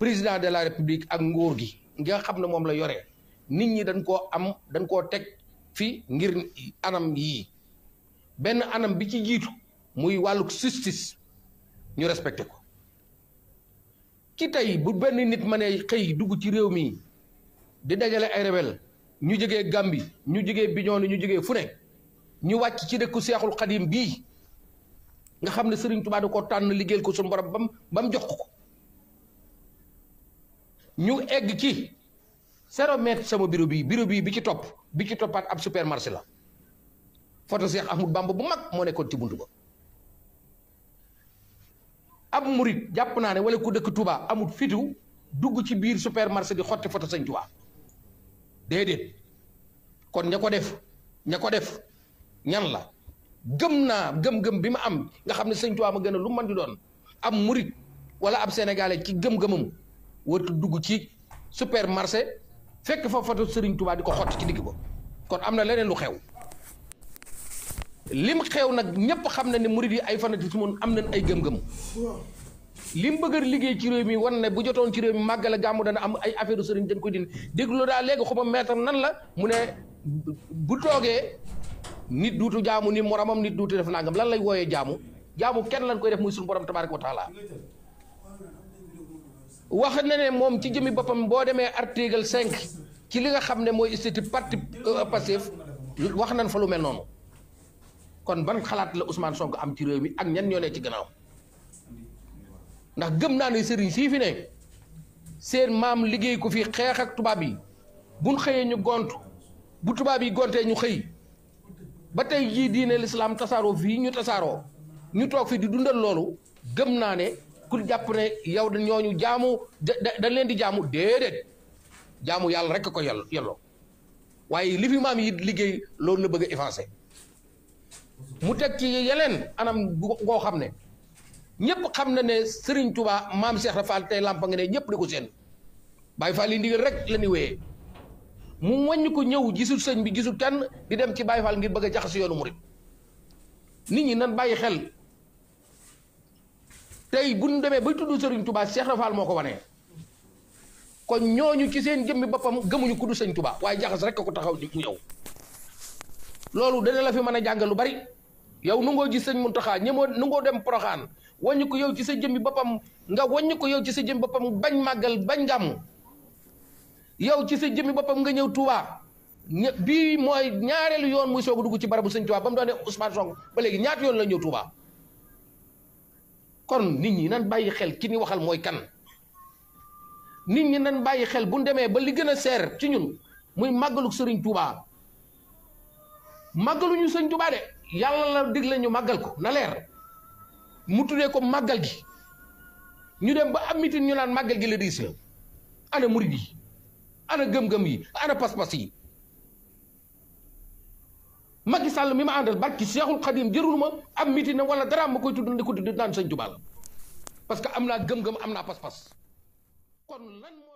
président de la république ak nguur gi nga xam ne moom la yore nit ñi dañ koo am dañ koo teg fi ngir anam yii benn anam bi ci jiitu muy wàllu justice ñu respecté ko ci tey bu benn nit ne xëy dugg ci réew mi di dajale ay rebel ñu jógee Gàmbi ñu jógee Biñoon ñu jógee fu ne ñu wàcc ci dëkku Seexul Xadim bii nga xam ne Sëriñ Tuubaa da ko tànn liggéey ko suñu borom bam ba jox ko ñu egg ci zéro mètre sama bureau bii bureau bi ci topp bi ci toppaat ab supermarché la photo Cheikh Ahmadou bamb bu mag moo nekkoon ci buntu ba ab murit jàpp naa ne wala ku dëkk Touba amut fitu dugg ci biir supermarché di xotti photo Sëñ Touba déedéet kon ña ko def ña ko def ñan la gëm naa gëm-gëm bi ma am nga xam ne Sëñ Touba ma gën a lu man di doon am murit wala ab sénégalais ci gëm-gëmam wërtu dugg ci supermarché fekk fa photo Serigne Touba di ko xotti ci digg ba kon am na leneen lu xew lim xew nag ñëpp xam na ne murid yi ay fanatisme moom am nañ ay gëm-gëm lim bëgg a liggéey ci réew mi wan bu jotoon ci réew mi màggale gàmmu dana am ay affaire sëriñ dañ koy dindi déglu daal léegi xuma maître nan la mu ne bu toogee nit duutu jaamu ni moromam nit duutu def nangam lan lay wooyee jaamu jaamu kenn lañ koy def muy suñu borom tabaaraka wa taala wax na ne moom ci jëmmi boppam boo demee article cinq ci li nga xam ne mooy statut parti euh, passif wax nañ fa lu mel noonu kon ban xalaat la Ousmane Sonko am ci réew mi ak ñan ñoo ne ci gannaaw ndax gëm naa ne sëriñ sii fi ne seen maam liggéey ko fii xeex ak tubaab yi buñ xëyee ñu gont bu tubaab yi gontee ñu xëy ba tey jii diine lislaam tasaaroo fii ñu tasaaroo ñu toog fii di dundal loolu gëm naa ne ku jàpp ne yow ñooñu jaamu dañ leen di jaamu déedéet jaamu yàlla rek ko yàlla yelloo waaye lifi fi maam yi liggéey loolu la bëgg a mu teg ci yeneen anam goo xam ne ñëpp xam na ne sëriñ Touba maam seex Cheikh Rafal tey lampa nga ne ñëpp di ko seen bay Fall yi ndigal rek la ñu wéyee mu wàññi ko ñëw gisul sëñ bi gisul kenn di dem ci Baye Fall ngir bëgg a jaxas yoonu mu murit nit ñi nan bàyyi xel. tey bu ñu demee bay tudd Serigne tubaa Cheikh Rafal moo ko wanee kon ñooñu ci seen jëmmi boppam gëmuñu ku du Sëñ Touba waaye jaxas rek ko taxaw di yow loolu dana la fi mën a jàngal lu bari yow nu ngoo gis Sëñ Muntaxa ñemoo nu ngoo dem Poroxaan wàññi ko yow ci sa jëmmi boppam nga wàññi ko yow ci sa jëmmi boppam bañ màggal bañ gàmm yow ci sa jëmmi boppam nga ñëw Touba bii mooy ñaareelu yoon muy soog a dugg ci barabu Sëñ Touba ba mu doonee Ousmane Sonko ba léegi ñaata yoon la ñëw Touba. kon nit ñi nan bàyyi xel ki ni waxal mooy kan nit ñi nan bàyyi xel bu ñu demee ba li gën a seer ci ñun muy màggalu sëriñ Touba màggaluñu sëriñ Touba de yàlla la digle ñu màggal ko na leer mu tuddee ko màggal gi ñu dem ba am mitin ñu laan màggal gi la diis la ana murid yi ana gëm-gëm yi ana pas-pas yi Macky Sall mi ma àndal barki Seexul Xadim jërul ma am miti na wala dara ma koy tudd di ko tudd naan Sëñ Tuubaa la parce que am naa gëm-gëm am naa pas-pas kon lan